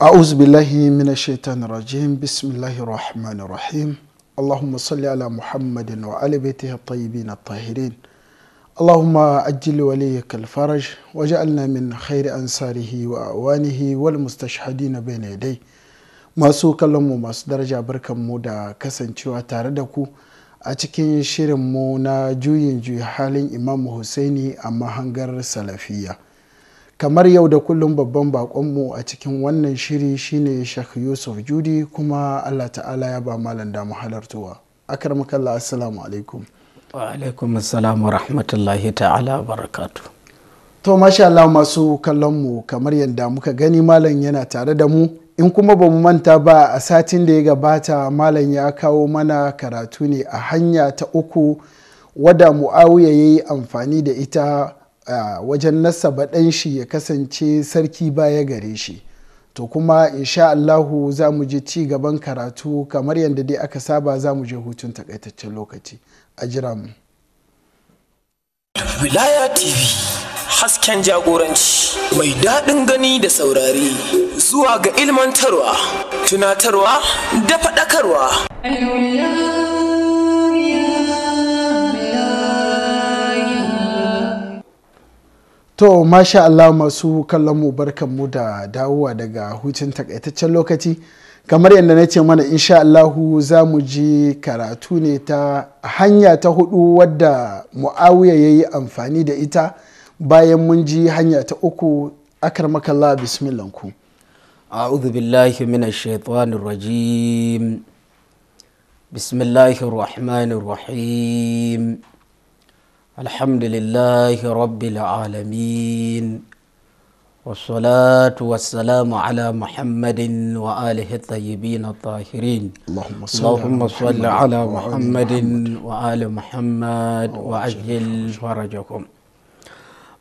a'uzu billahi mina shaitan rajim bismillahi rahman rahim allahumma salli ala muhammadin wa alibaiti ya tayibi na tahirin allahumma ajiyar wale ya kalfaraj waje alnamin khairi an sarihi wa wanihi wal mustashahadi na bai Masu dai masu kallonmu masu daraja mu da kasancewa tare da ku a cikin shirin mu na juyin juyi halin Imam hussaini a mahangar salafiya. kamar yau da kullum babban bakonmu a cikin wannan shiri shine Sheikh Yusuf Judi kuma Allah ta'ala ya ba malam da halartuwa akramakallah assalamu alaikum wa alaikum assalam wa rahmatullahi ta'ala barakatu to masha Allah masu kallon mu kamar yadda muka gani malam yana tare da mu in kuma ba mu manta ba a satin da ya gabata malam ya kawo mana karatu ne a hanya ta uku wadda mu'awiya ya yi amfani da ita a wajen nasaba ɗan shi ya kasance sarki baya gare shi to kuma insha Allahu za mu je ci gaban karatu kamar yadda dai aka saba za mu je hutun takaitaccen lokaci a jira mu Wilaya TV hasken jagoranci mai daɗin gani da saurari zuwa ga ilmantarwa tunatarwa da faɗakarwa To, masha Allah masu kallon mu mu da dawowa daga hutun takaitaccen lokaci. Kamar yadda na ce mana insha Allahu za mu ji karatu ne ta hanya ta hudu wadda Muawiya ya yi amfani da ita bayan mun ji hanya ta uku akar makalla bismillanku. أعوذ بالله من mina الرجيم rajim, الله الرحمن rahim. الحمد لله رب العالمين والصلاة والسلام على محمد وآله الطيبين الطاهرين اللهم صل, اللهم صل على محمد, محمد وآل محمد وأجل فرجكم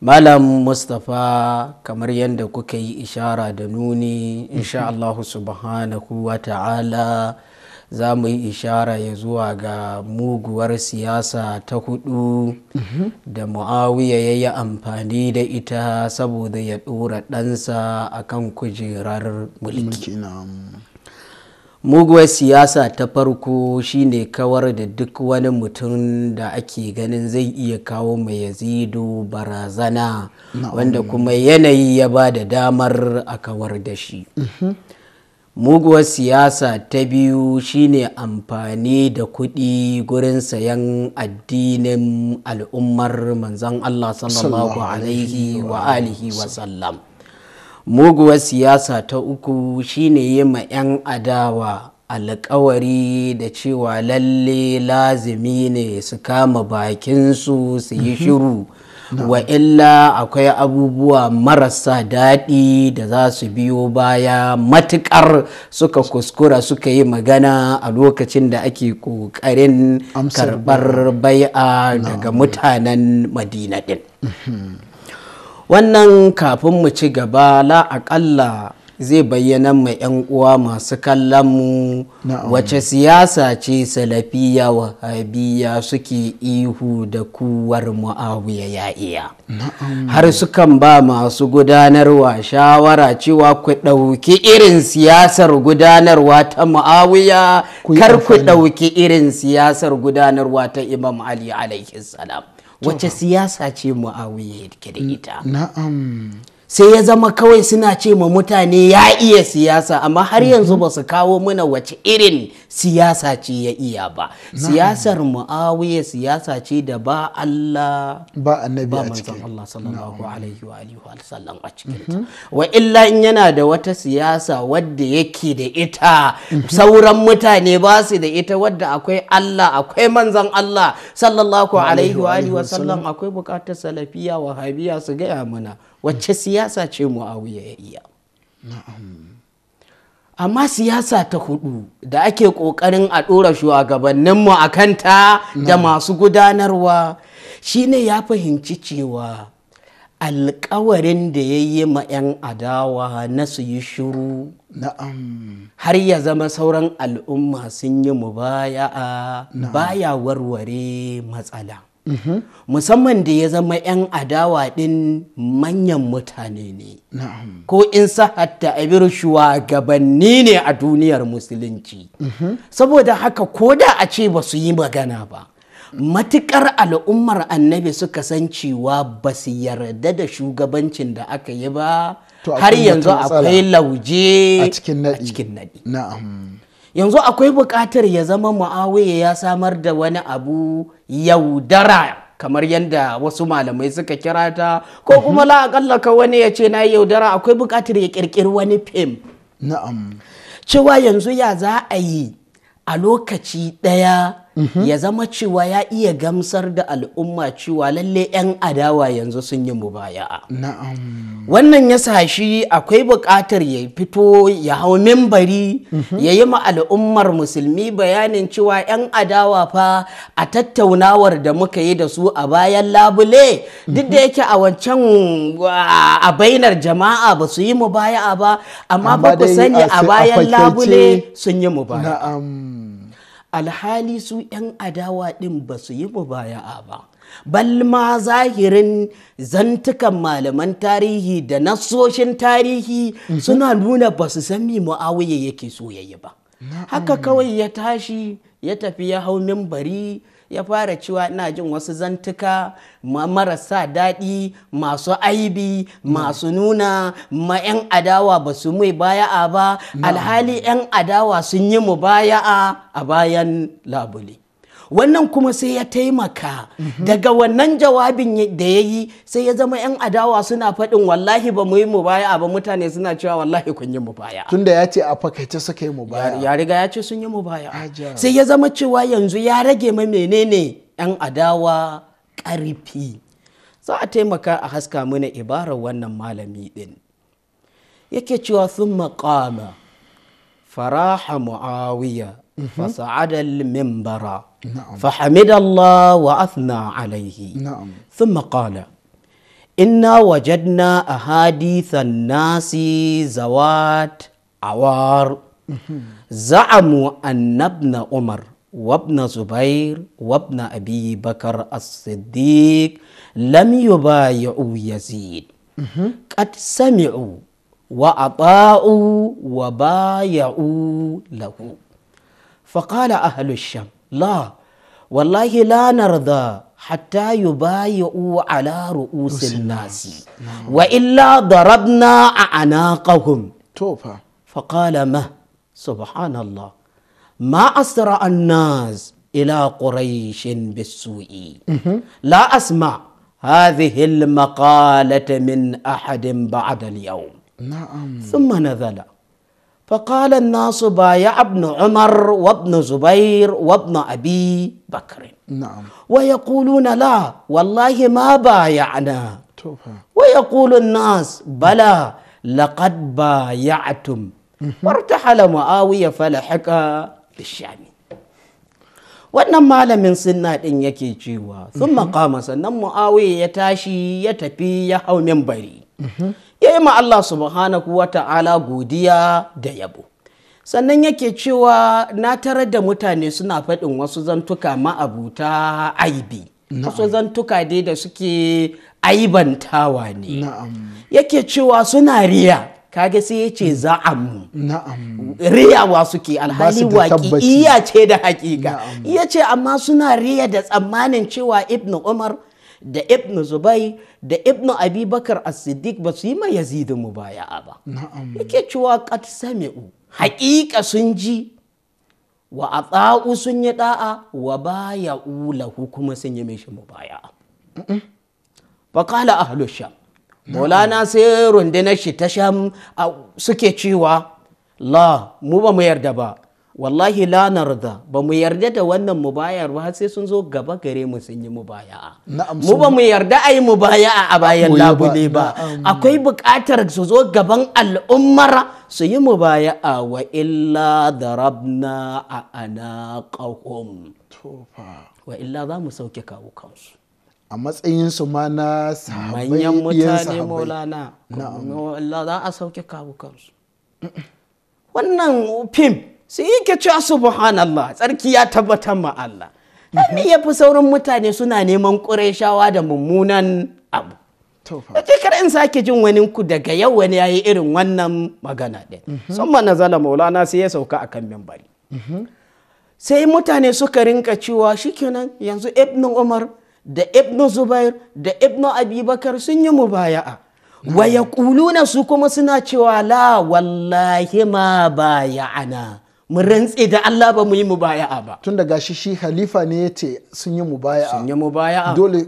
Malam Mustapha kamar yadda kuka yi ishara da nuni, insha Allah subhanahu wa ta'ala za mu yi ishara ya zuwa ga muguwar siyasa ta hudu da muawiya ya yi amfani da ita saboda ya ɗora ɗansa a kan kujerar mulki muguwar siyasa ta farko shine kawar da duk wani mutum da ake ganin zai iya kawo mai yazidu barazana wanda kuma yanayi ya ba da damar a kawar da shi mhm. muguwar siyasa ta biyu shine amfani da kuɗi gurin sayan addinin al'ummar manzan Allah sallallahu alaihi wa alihi wa sallam muguwar siyasa ta uku shine yi ma 'yan adawa alkawari da cewa lalle lazimi ne su kama bakinsu su yi shiru wa illa akwai abubuwa marasa daɗi da za su biyo baya matuƙar suka kuskura suka yi magana a lokacin da ake ƙoƙarin karɓar bai'a daga mutanen madina ɗin mhm. wannan kafin mu ci gaba la aƙalla zai bayyana ma 'yan uwa masu kallon mu wace siyasa ce salafiya wa habiya suke ihu da kuwar mu'awiya ya iya har sukan ba masu gudanarwa shawara cewa ku ɗauki irin siyasar gudanarwa ta mu'awiya kar ku ɗauki irin siyasar gudanarwa ta imam ali alaihi salam wace siyasa ce mu'awiya da ita sai ya zama kawai suna ce ma mutane ya iya siyasa amma har mhm. yanzu ba su kawo mana wace irin siyasa ce ya iya ba siyasar mu'awiya siyasa ce da ba Allah ba annabi a cikin Allah sallallahu alaihi wa alihi wa sallam a cikin mhm. wa illa in yana da wata siyasa wadda yake da ita mhm. sauran mutane ba su da ita wadda akwai Allah akwai manzon Allah sallallahu alaihi wa alihi wa sallam akwai bukatar salafiya wahabiya su gaya mana wacce siyasa ce muawiya ya iya amma siyasa ta hudu da ake ƙoƙarin a ɗora shugabanninmu a kanta da masu gudanarwa shine ya fahimci cewa alkawarin da ya yi ma 'yan adawa na su yi shuru, har ya zama sauran al'umma sun yi mu baya warware matsala musamman da ya zama 'yan adawa ɗin manyan mutane ne ko in a abir shugabanni ne a duniyar musulunci saboda haka ko da a ce ba su yi magana ba matukar al'ummar annabi suka san cewa ba su yarda da shugabancin da aka yi ba har yanzu akwai lauje a cikin nadi yanzu akwai buƙatar ya zama mu'awiya ya samar da wani abu yaudara kamar yadda wasu malamai suka kira ta ko mhm. kuma la'akalla ka wani ya ce na yaudara akwai buƙatar ya ƙirƙiri wani fim na'am cewa yanzu ya za a yi a lokaci ɗaya Mm-hmm. ya zama cewa ya iya gamsar da al'umma cewa lalle 'yan adawa yanzu sun yi mu mubaya'a wannan ya shi akwai buƙatar ya fito ya hau membari mm-hmm. ya yi ma al'ummar musulmi bayanin cewa 'yan adawa fa a tattaunawar da muka yi da su a bayan labule duk da mm-hmm. yake a wancan a bainar jama'a ba su yi mubaya'a ba amma ba ku sani a bayan labule sun yi mu baya. alhali su 'yan adawa ɗin ba su yi mubaya'a ba balma zahirin zantukan malaman tarihi da nasoshin tarihi mhm. suna nuna ba su san mi mu'awiya yake so yayi ba haka kawai ya tashi ya tafi ya hau mimbari ya fara cewa ina jin wasu zantuka marasa daɗi masu aibi masu nuna ma 'yan adawa ba su mai baya'a ba alhali 'yan adawa sun yi mu baya'a a bayan labule wannan kuma sai ya taimaka daga wannan jawabin da ya yi sai ya zama 'yan adawa suna faɗin wallahi ba mu yi mu baya ba mutane suna cewa wallahi kun yi mu baya tunda ya ce a fakaice suka yi mu baya ya riga ya ce sun yi mu baya sai ya zama cewa yanzu ya rage ma menene 'yan adawa ƙarfi za a taimaka a haska mana ibarar wannan malami din. yake cewa sun maƙama faraha mu'awiya فصعد المنبر نعم. فحمد الله وأثنى عليه نعم. ثم قال إنا وجدنا أحاديث الناس زوات عوار زعموا أن ابن عمر وابن زبير وابن أبي بكر الصديق لم يبايعوا يزيد قد سمعوا وأطاعوا وبايعوا له فقال أهل الشام لا والله لا نرضى حتى يبايعوا على رؤوس الناس نعم. وإلا ضربنا أعناقهم فقال ما سبحان الله ما أسرع الناس إلى قريش بالسوء لا أسمع هذه المقالة من أحد بعد اليوم نعم ثم نزل فقال الناس بايع ابن عمر وابن زبير وابن أبي بكر نعم ويقولون لا والله ما بايعنا ويقول الناس بلى لقد بايعتم وارتحل معاوية فلحق بالشام wannan malamin sunna ɗin yake cewa sun makama sannan mu'awiya ya tashi ya tafi ya hau bari ya yi ma Allah subhanahu wa ta'ala godiya da yabo sannan yake cewa na tarar da mutane suna faɗin wasu zantuka ma'abuta aibi wasu zantuka dai da suke aibantawa ne yake cewa suna riya kage sai ya ce mu. riyawa suke alhali waƙi iya ce da hakika yace ce amma suna riya da tsammanin cewa ibnu umar da ibn zubai da ibn abubakar as-siddiq ba su yi ma yazidu mu baya ba yake cewa qad sami'u haƙiƙa sun ji wa ata'u sun yi ɗa'a? wa baya ula kuma sun yi mishi mu baya fa qala ahlu sham maulana sai rundunar shi ta sham suke cewa la mu ba mu yarda ba wallahi lanar da ba mu yarda da wannan mu bayar ba sai sun zo gaba gare mu sun yi mu mubaya'a mu ba mu yarda a yi baya a bayan labule ba akwai buƙatar su zo gaban al'ummar su yi mu mubaya'a wa illa darabna a ana anaqahum wa illa za mu sauke kawo kansu a matsayin su ma na manyan mutane maulana za a sauke kawo kansu wannan fim sai yake cewa subhanallah tsarki ya tabbatar ma Allah ni ya fi saurin mutane suna neman shawa da mummunan abu Ake kar in sake jin wani ku daga yau wani ya yi irin wannan magana ɗin. Mhm. Sun na zala maulana sai ya sauka a kan mimbari. Mhm. Sai mutane suka rinka cewa shikenan yanzu Ibn Umar da Ibn Zubair da Ibn Abibakar sun yi mubaya'a. Wa ya kuluna su kuma suna cewa la wallahi ma baya'ana. mu rantse da Allah ba mu yi ba tun daga shi shi halifa ne ya ce sun yi mu mubaya'a sun yi mu mubaya'a dole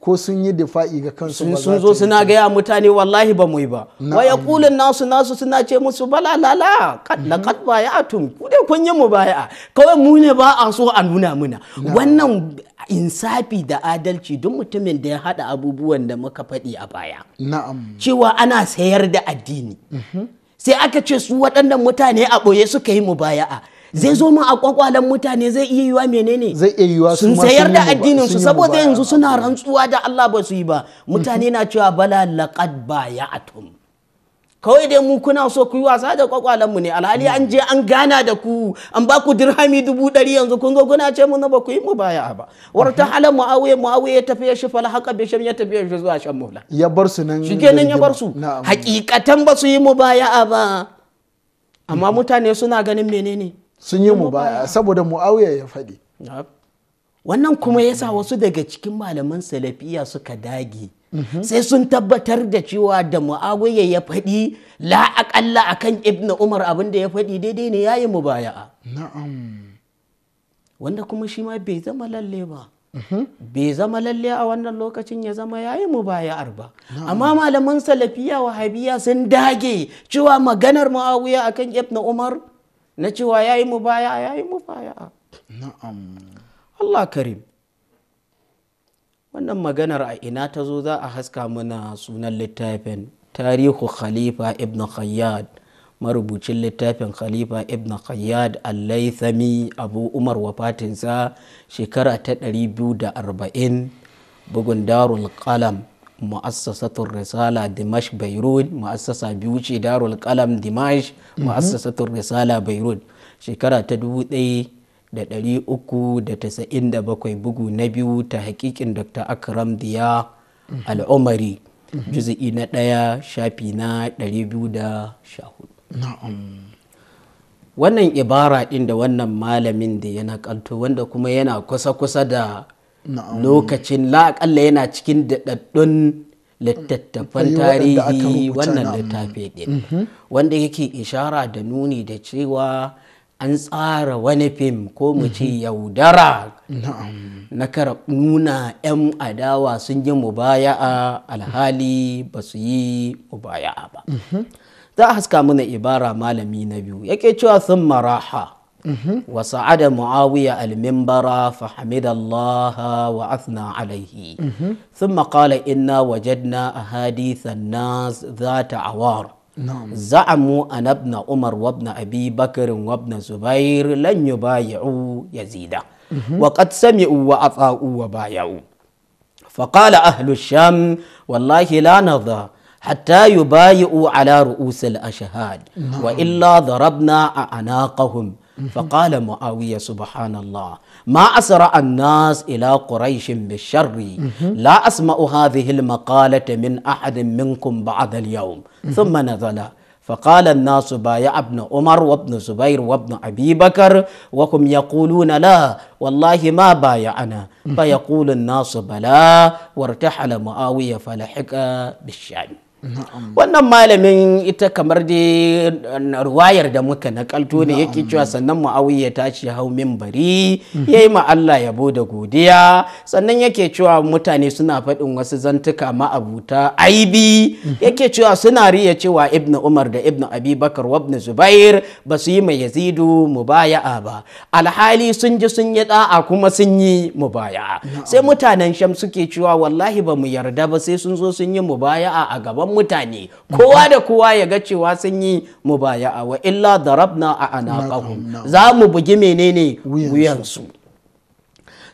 ko sun yi difa'i ga kansu sun sun zo suna gaya mutane wallahi ba mu yi ba wa kulin nasu nasu suna ce musu bala lala kad mhm. laqad baya'atum ku dai kun yi mubaya'a kawai mu ne ba a so a nuna muna wannan insafi da adalci duk mutumin da ya hada abubuwan da muka faɗi a baya na'am cewa ana sayar da addini mhm. sai aka ce su waɗannan mutane a ɓoye suka yi mu mubaya'a zai zo mu a kwakwalen mutane zai iya yiwa menene zai iya yiwa sun sayar da addinin su saboda yanzu suna rantsuwa da Allah ba su yi ba mutane na cewa bala laqad baya'atum kawai dai mu kuna so ku yi wasa da kwakwalenmu ne alhali an je an gana da ku an ba ku dirhami dubu ɗari yanzu kun ga kuna ce mu na ba ku yi mu baya ba war ta hala muawiya muawiya ya tafi ya shifa haka shan ya tafi ya zuwa shan mula ya bar su nan kenan ya bar su hakikatan ba su yi mu baya ba amma mm-hmm. mutane suna ganin menene sun yi mu baya saboda muawiya ya faɗi wannan kuma yasa wasu daga cikin malaman salafiya suka dage sai sun tabbatar da cewa da muawiya ya faɗi la'akalla a akan ibn umar abin da ya faɗi daidai ne yayi mubaya'a na'am wanda kuma shi ma bai zama lalle ba bai zama lalle a wannan lokacin ya zama yayi mubaya'ar ba amma malaman salafiya wa habiya sun dage cewa maganar muawiya akan ibn umar na cewa yayi mubaya'a yayi mubaya'a na'am Allah karim wannan maganar a ina ta zo za a haska mana sunan littafin tarihu khalifa ibn khayyad marubucin littafin khalifa ibn khayyad al abu umar wafatinsa shekara ta 240 bugun darul qalam mu'assasatun risala dimash beirut mu'assasa biyu ce darul qalam dimash mhm. mu'assasatun risala beirut shekara ta 1000 da bugu na biyu ta hakikin dr akram diya al'umari juzi'i na daya shafi na 214 wannan ibara din da wannan malamin da yana kanto wanda kuma yana kusa-kusa da lokacin la'akalla yana cikin daɗaɗɗun littattafan tarihi wannan littafi ɗin mhm. wanda yake ishara da nuni da cewa an tsara wani fim ko mu ce mhm. yaudara na kara nuna 'yan adawa sun yi mu mubaya'a alhali ba su yi mu mubaya'a ba mhm. za a haska mana ibara malami na biyu yake cewa sun maraha mhm. wa sa'ada muawiya al mimbara fa Allah wa athna alaihi sun maƙala inna wajadna a hadithan nas ta awar نعم. زعموا أن ابن عمر وابن أبي بكر وابن زبير لن يبايعوا يزيدا وقد سمعوا وأطاعوا وبايعوا فقال أهل الشام والله لا نرضى حتى يبايعوا على رؤوس الأشهاد نعم. وإلا ضربنا أعناقهم فقال معاوية سبحان الله ما أسرع الناس إلى قريش بالشر لا أسمع هذه المقالة من أحد منكم بعد اليوم ثم نزل فقال الناس بايع ابن عمر وابن زبير وابن أبي بكر وهم يقولون لا والله ما بايعنا فيقول الناس بلا وارتحل معاوية فلحق بالشام wannan malamin ita kamar dai eh, ruwayar da muka nakalto ne yake cewa sannan muawiya ya tashi hau mimbari mhm. ya yi ma Allah yabo da godiya sannan yake cewa mutane suna faɗin wasu zantuka ma'abuta aibi mhm. yake cewa suna riya cewa ibnu umar da ibnu Abibakar, wa ibnu zubair ba su yi mai yazidu mubaya'a ba alhali sun ji sun yi da'a kuma sun yi mubaya'a sai mutanen sham suke cewa wallahi ba mu yarda ba sai sun zo sun yi mubaya'a a gaban mutane kowa da kowa ya ga cewa sun yi mubaya'a wa illa darabna a anaqahum za mu bugi menene wuyansu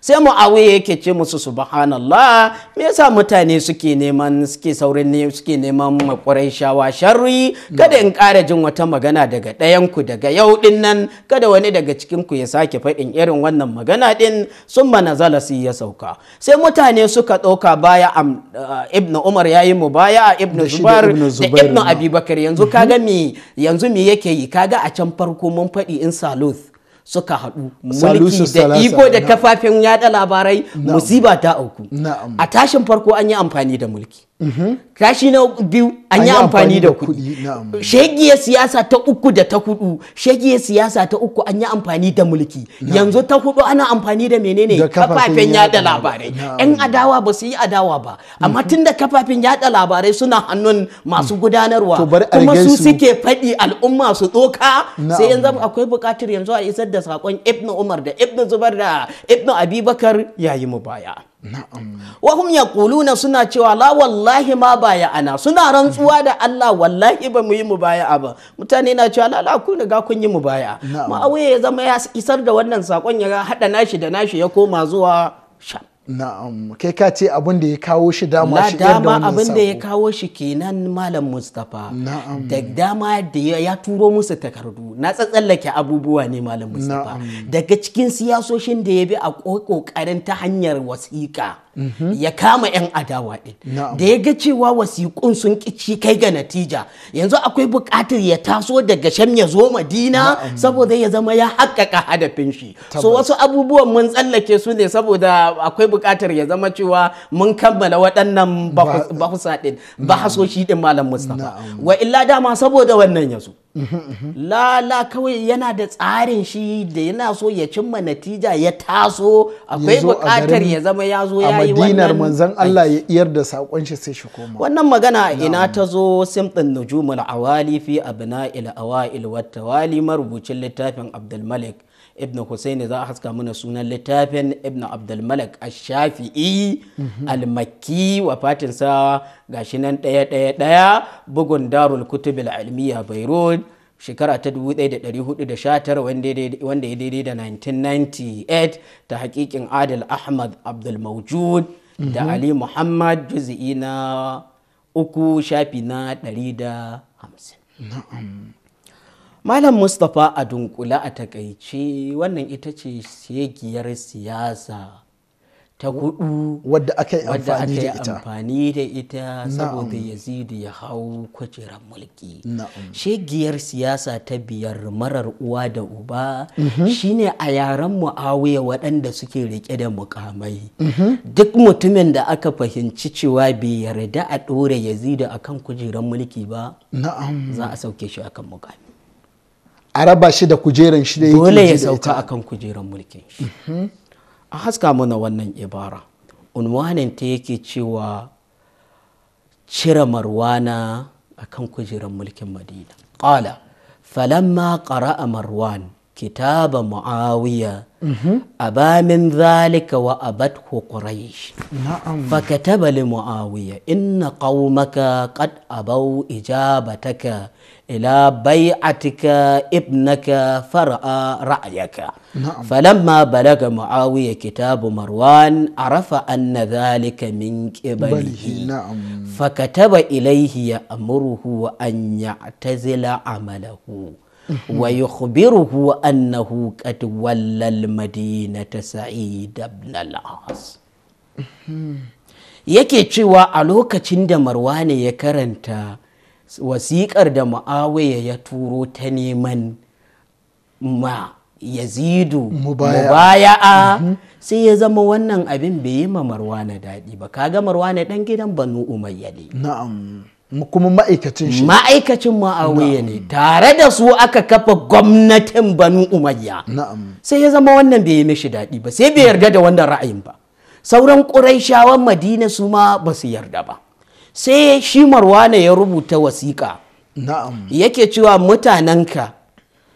sai mu awe yake ce musu subhanallah me yasa mutane suke neman suke saurin ne suke neman makwarai shawa sharri kada in ƙara jin wata magana daga ɗayan ku daga yau din nan kada wani daga cikin ku ya sake faɗin irin wannan magana din sun manazala su ya sauka sai mutane suka ɗauka baya uh, ibnu umar yayi mu baya ibnu zubar da ibnu abubakar yanzu kaga mi yanzu me yake yi kaga a can farko mun faɗi in saluth suka haɗu mulki da iko da kafafen yada labarai musiba ta auku a tashin farko an yi amfani da mulki Kashi na biyu an yi amfani da kuɗi. Shegiyar siyasa ta uku da ta hudu, shegiyar siyasa ta uku an yi amfani da mulki. Yanzu ta hudu ana amfani da menene kafafen yada labarai. Yan adawa ba su yi adawa ba, amma mhm. tun da kafafen yada labarai suna hannun masu mm. gudanarwa. Kuma su suke faɗi al'umma su tsoka sai yanzu akwai buƙatar yanzu a isar da saƙon Ibn Umar da Ibn Zubar da Ibn Abibakar yayi mu baya. wahum kuluna suna cewa la wallahi ma baya ana suna rantsuwa da Allah wallahi ba mu yi mu baya ba mutane na cewa la ku ga kun yi mu baya ma'awiya ya zama ya isar da wannan sakon ya hada nashi da nashi ya koma zuwa sham na'am kai ka ce abin da ya kawo shi dama shi dama abin da ya kawo shi kenan malam mustapha da dama da ya turo musu takardu na tsatsallake abubuwa ne malam mustapha daga cikin siyasoshin da ya bi a kokarin ta hanyar wasiƙa ya kama 'yan adawa ɗin da ya ga cewa wasiƙun sun ƙici kai ga natija yanzu akwai buƙatar ya taso daga sham ya zo madina saboda ya zama ya haƙƙaƙa hadafin shi so wasu abubuwan mun tsallake su ne saboda akwai buƙatar ya zama cewa mun kammala waɗannan bahusa ɗin bahasoshi ɗin malam mustapha wa illa dama saboda wannan ya zo lala kawai yana da tsarin shi da yana so ya cimma natija ya taso akwai bukatar ya zama ya zo ya yi wannan manzan Allah ya iyar da sakon shi sai shi koma wannan magana ina ta zo simtin nujumul awali fi abna'il awail wat tawali marubucin littafin Abdul Malik ibn Hussein za a haska mana sunan littafin ibn abdulmalik ash-shafi'i al-makki wa fatinsa gashi nan ɗaya ɗaya ɗaya bugun darul kutubil ilmiya bayrod shekara ta 1419 wanda ya daidai da 1998 ta hakikin adil ahmad abdul mawjud da ali muhammad juzi'i na uku shafi na 150 Malam Mustapha a dunkula a takaice wannan ita ce shegiyar siyasa ta hudu wadda aka yi amfani da ita saboda yazidu ya hau kujerar mulki shegiyar siyasa ta biyar marar uwa da uba mhm. shine a yaren mu'awiya waɗanda suke rike da mukamai mhm. duk mutumin da aka fahimci cewa bai yarda a ɗora yazidu akan kujerar mulki ba za a sauke shi akan mukami a raba shi da kujeran shi da yake dole ya sauka akan kujeran mulkin shi a haska mana wannan ibara unwanin ta yake cewa cire marwana akan kujeran mulkin madina qala falamma qara'a marwan كتاب معاوية wa من ذلك وأبته قريش نعم فكتب لمعاوية إن قومك قد أبوا إجابتك ila bai'atika ibnaka fara'a ra'ayaka falamma balaga muawiya kitabu marwan arafa anna dhalika min qibalihi fakataba ilayhi wa an ya'tazila amalahu ويخبره أنه قد ولى المدينة سعيد بن العاص yake cewa a lokacin da marwani ya karanta wasiƙar da ma'awiya ya turo ta neman ma yazidu a mhm. sai ya zama wannan abin bai yi ma marwana daɗi ba kaga marwana ɗan gidan banu umayya ne na'am kuma ma'aikacin shi ma'aikacin ma'awiya ne tare da su aka kafa gwamnatin banu umayya sai ya zama wannan bai yi mishi daɗi ba sai bai yarda da wannan ra'ayin ba sauran shawar madina su ma ba su yarda ba sai shi marwana ya rubuta wasiƙa yake cewa mutanenka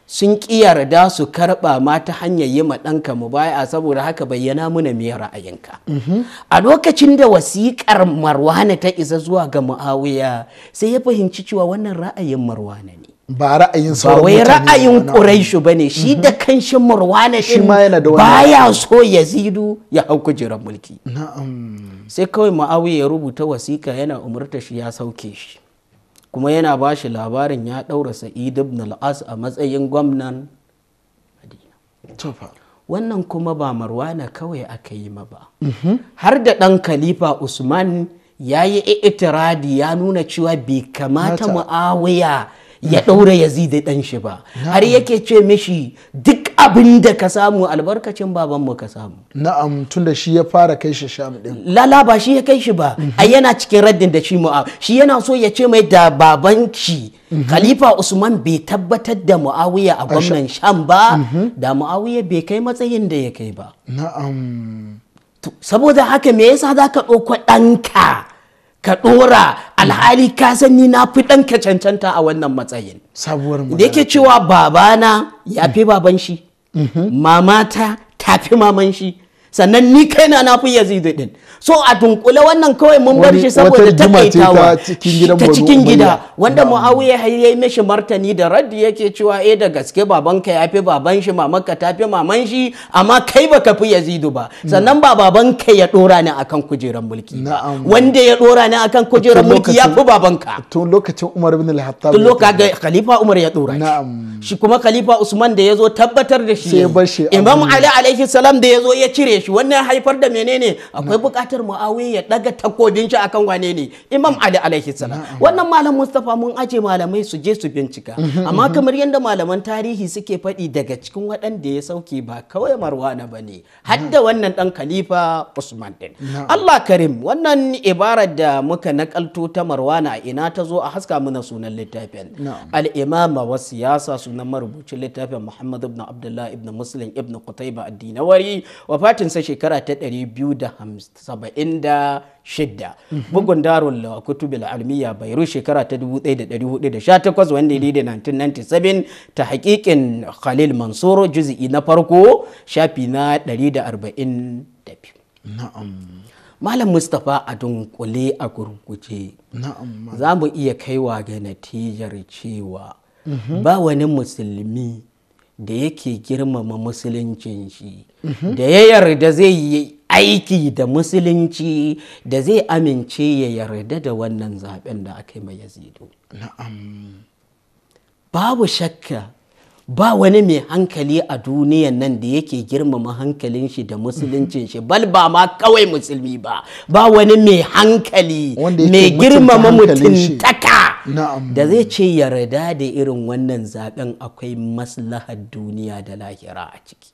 sun ƙi yarda su karɓa ma ta hanyar yi ma ɗanka mu baya saboda haka bayyana muna me ra'ayinka mhm. a lokacin da wasiƙar marwana ta isa zuwa ga mu'awiya sai ya fahimci cewa wannan ra'ayin marwana ne ba ra'ayin sauran mutane ba ra'ayin ƙuraishu ba ne shi da mhm. kanshin marwana shi ma yana da baya so yazidu ya hau kujerar mulki na'am sai kawai ma'awiya ya rubuta wasiƙa yana umarta shi ya sauke shi kuma yana ba shi labarin ya ɗaura sa'id ibn al-as a matsayin gwamnan wannan kuma ba marwana kawai aka yi ma ba mhm. har da ɗan khalifa usman ya yi itiradi ya nuna cewa bai kamata mu'awiya ya ɗaura yazidi ɗan shi ba har yake ce mishi duk abin da ka samu albarkacin baban mu ka samu na'am tunda shi ya fara kai shi sham din lala ba shi ya kai shi ba mhm. ai yana cikin raddin da shi mu'awiya shi yana so ya ce mai da baban shi mhm. khalifa usman bai tabbatar da mu'awiya a gwamnan sham ba mhm. da mu'awiya bai kai matsayin da ya kai ba na'am saboda haka me yasa zaka ka ɗauko ɗanka ka ɗora alhali ka san ni na fi ka cancanta a wannan matsayin sabuwar da yake cewa babana ya fi baban shi mm-hmm. mamata ta fi maman shi sannan ni kaina na fi yazidu din so a dunkule wannan kawai mun bar shi saboda takaitawa ta cikin gida wanda muawiya har yayi mishi martani da raddi yake cewa eh da gaske babanka ya fi baban shi mamanka ta fi maman shi amma kai baka fi yazidu ba hmm. sannan ba babanka ya dora ni akan kujeran mulki wanda ya dora ni akan kujeran mulki ya fi babanka tun lokacin umar bin al-hattab tun lokacin khalifa umar ya dora shi shi kuma khalifa usman da yazo tabbatar da shi imam ali alaihi salam da yazo ya cire shi wannan haifar da menene akwai bukatar muawiya ya daga takobin shi akan wane ne imam ali alaihi salam wannan malam mustafa mun aje malamai su je su bincika amma kamar yadda malaman tarihi suke faɗi daga cikin waɗanda ya sauke ba kawai marwana ba ne har wannan dan khalifa usman din allah karim wannan ibarar da muka nakalto ta marwana ina ta zo a haska mana sunan littafin al-imama wa siyasa sunan marubucin littafin muhammad ibn abdullah ibn muslim ibn qutayba ad-dinawari wafatin rasuwarsa shekara ta 276 bugun darul kutubil almiya bairu shekara ta 1418 wanda ne da 1997 ta hakikin khalil mansur juzi'i na farko shafi na 142 na'am malam mustapha a dunkule a gurguje za mu iya kaiwa ga natijar cewa mhm. ba wani musulmi da yake girmama musuluncin shi da ya yarda zai yi aiki da musulunci da zai amince ya yarda da wannan zaben da aka yi mai yazidu babu shakka ba wani mai hankali a duniyan nan da yake girmama hankalin shi da musuluncin shi bal ba ma kawai musulmi ba ba wani mai hankali mai girmama mutuntaka da zai ce yarda da irin wannan zaben akwai maslahar duniya da lahira a ciki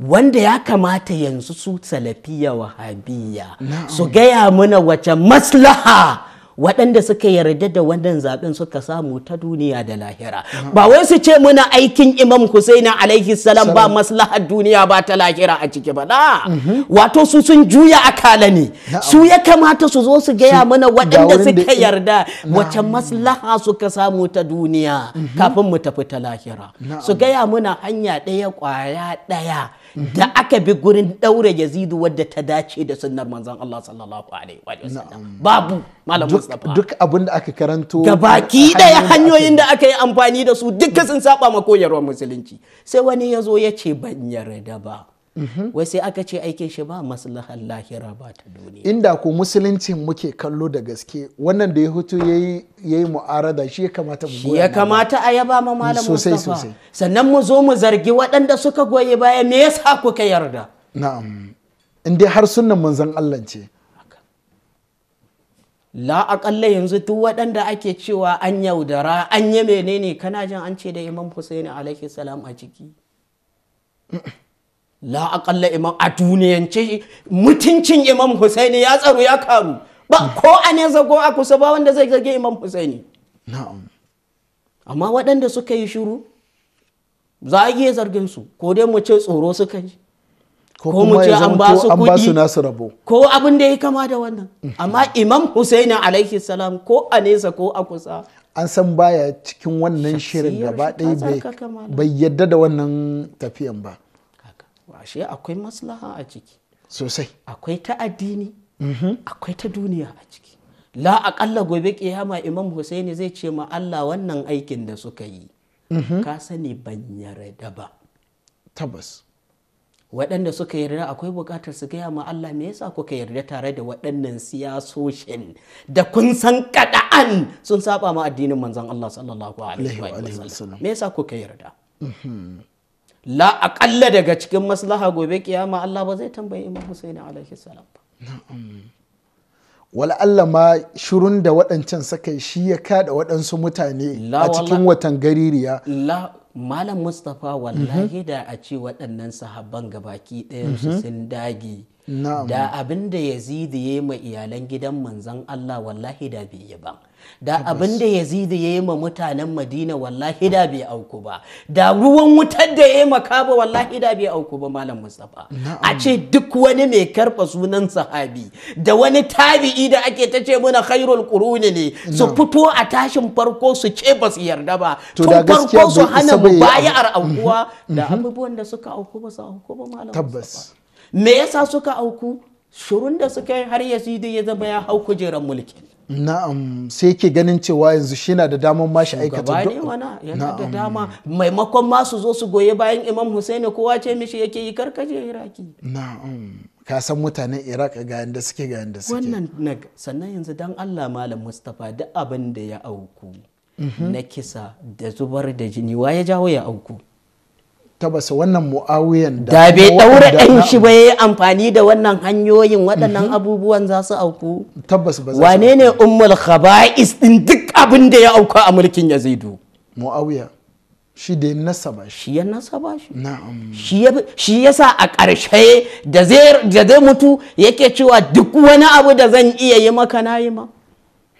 wanda ya kamata yanzu su salafiya wahabiya su gaya mana wace maslaha waɗanda suka yarda da wannan zaɓen suka samu ta duniya da lahira ba wai su ce muna aikin imam husaini alaihi salam ba maslahar duniya ba ta lahira a ciki ba mhm. wato su sun juya akala ne su ya kamata su zo su gaya mana waɗanda suka yarda wace maslaha suka samu ta duniya mhm. kafin mu tafi ta lahira su gaya mana hanya ɗaya ƙwaya ɗaya da aka bi gurin daure yazidu wadda ta dace da sunnar manzon Allah sallallahu alaihi wa sallam babu malam Mustafa duk abin da aka karanto ga baki daya hanyoyin da aka yi amfani da su duka sun saba ma koyarwar musulunci sai wani ya zo ya ce ban yarda ba wai sai aka ce aikin shi ba maslahar lahira ba ta duniya inda ko musuluncin muke kallo da gaske wannan da ya hutu ya yi mu'arada shi ya kamata mu goya ya kamata a yaba ma mm, malam sosai sosai sannan mu zo mu zargi waɗanda suka goyi baya me yasa kuka yarda na'am in dai har sunnan manzon Allah ce la aƙalla yanzu duk waɗanda ake cewa an yaudara an yi menene kana jin an ce da imam husaini alaihi salam a ciki la aƙalla imam a duniyance mutuncin imam husaini ya tsaro ya karu ba ko a nesa ko a kusa ba wanda zai zage imam husaini amma waɗanda suka yi shiru za a iya zargin su ko dai mu ce tsoro suka yi ko mu ce an ba su kuɗi ko abin da ya kama da wannan amma imam husaini alaihi salam ko a nesa ko a kusa an san baya cikin wannan shirin gaba ɗaya bai yadda da wannan tafiyan ba Washe akwai maslaha a ciki sosai akwai ta addini mm-hmm. akwai ta duniya a ciki la aƙalla gobe kiyama imam Hussaini zai ce ma Allah wannan aikin da suka yi mm-hmm. ka sani ban yarda ba tabbas waɗanda suka yarda akwai buƙatar su gaya ma Allah me yasa kuka yarda tare da waɗannan siyasoshin da kun san kada'an sun saba ma addinin manzon Allah sallallahu alaihi wa sallam me yasa kuka yarda mm-hmm. la aƙalla daga cikin maslaha gobe kiyama Allah ba zai tambayi Imam Hussein alaihi salam ba wala Allah ma shirun da waɗancan sakai shi ya kada waɗansu mutane a cikin watan gaririya la malam Mustapha wallahi da a ce waɗannan sahabban gabaki ɗayansu mhm. sun dage da abin da ya ma iyalan gidan manzon Allah wallahi da bai yi ba da abin da yazidi ya yi ma mutanen madina wallahi da bai auku ba da ruwan wutar da ya yi makaba wallahi da bai auku ba malam mustapha a ce duk wani mai karfa sunan sahabi da wani tabi'i da ake ta ce muna khairul quruni ne su fito a tashin farko su ce ba su yarda ba tun farko su hana mu bayar aukuwa mhm. da mhm. abubuwan da suka auku ba su auku ba malam tabbas me yasa suka auku shurun da suka yi har yazidi ya zama ya hau kujerar mulki. na'am sai ke ganin cewa yanzu shi na da damar ma shi aikata duk wana yana da dama maimakon ma su zo su goye bayan imam husaini kowa ce mishi yake yi karkaje iraki na'am ka san mutanen iraq ga yanda suke ga yanda suke wannan na sannan yanzu dan allah malam mustapha duk abin da ya auku mhm. na kisa da zubar da jini wa ya jawo ya auku tabbas wannan mu'awiyan da bai daura ɗan shi ba ya amfani da wannan hanyoyin waɗannan mhm. abubuwan za su auku tabbas ba za wane ne ummul khaba'is din duk abin da ya auku a mulkin yazidu mu'awiya shi da ya nasaba shi ya nasaba shi na'am shi ya yasa a ƙarshe da zai mutu yake cewa duk wani abu da zan iya yi maka na yi ma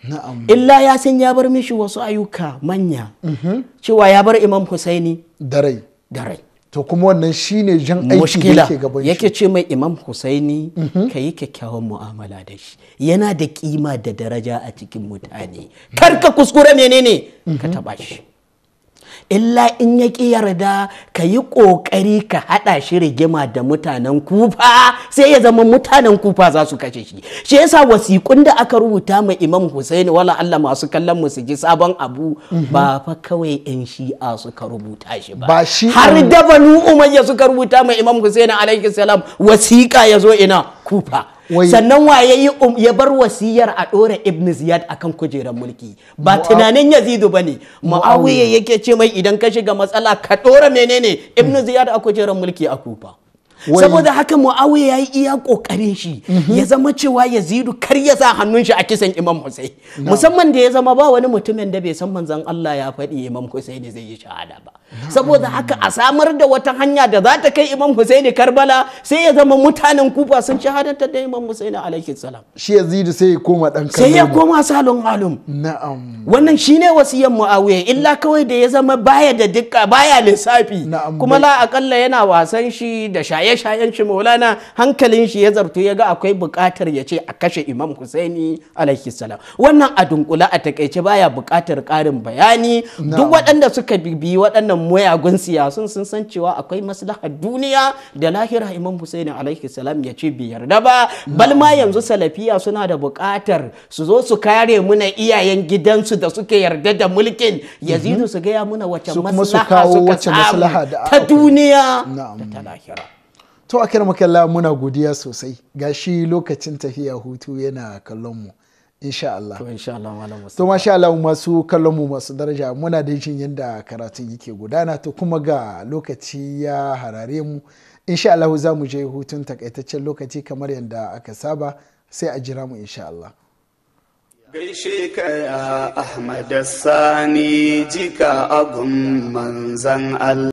na'am illa ya san ya bar mishi wasu ayyuka manya mhm. cewa ya bar imam husaini darai. darai. to kuma wannan shine jan aiki da yake gaban shi yake ce mai imam husaini mhm. ka yi kyakkyawan mu'amala da shi yana da kima da daraja a cikin mutane kar ka kuskure menene ka mhm. taba shi illa in ya ƙi yarda ka yi ƙoƙari ka haɗa shi rigima da mutanen kufa sai ya zama mutanen kufa za su kashe shi shi yasa wasiƙun da aka rubuta ma imam Hussein wala Allah masu kallon mu su ji sabon abu mhm. ba fa kawai yan shi'a suka rubuta shi ba har da banu umayya suka rubuta ma imam Hussein alaihi salam wasiƙa ya zo ina kufa sannan waye um- ya bar wasiyar a ɗora ibn ziyad akan kujerar mulki ba tunanin yazidu bane ne muawiya yake ce mai idan ka shiga matsala ka ɗora menene ibn ziyad a kujerar mulki a kufa saboda haka muawiya yayi iya kokarin shi mhm. ya zama cewa yazidu kar ya sa hannun shi a kisan imam hussein musamman da ya zama ba wani mutumin da bai san manzon allah ya faɗi imam husaini zai yi shahada ba saboda haka a samar da wata hanya da za ta kai imam husaini karbala sai ya zama mutanen kufa sun shahadatar da imam husaini alaihi salam shi yazid sai ya koma dan sai ya koma salon alum na'am wannan shine wasiyan muawiya illa kawai da ya zama baya da dukka baya lissafi kuma la akalla yana wasan shi da shaye-shayen shi maulana hankalin shi ya zartu ya ga akwai bukatar ya ce a kashe imam husaini alaihi salam wannan a dunkula a takaice baya bukatar karin bayani duk waɗanda suka bibiyi waɗannan mayagun siyasun sun san cewa akwai maslaha duniya da lahira imam Hussein alaihi salam ya ce bi yarda ba bal ma yanzu salafiya suna da buƙatar su zo su kare muna iyayen gidansu da suke yarda da mulkin yazidu su gaya muna wace maslaha suka samu ta duniya da ta lahira to akira makalla muna godiya sosai gashi lokacin tafiya hutu yana kallon mu insha Allah to insha Allah malam masu kallon mu masu daraja muna da jin yadda karatun yake gudana to kuma ga lokaci ya harare mu insha Allah za mu je hutun takaitaccen lokaci kamar yadda aka saba sai a jira mu insha Allah gaishe ka ya Ahmad Sani jika agun manzan Allah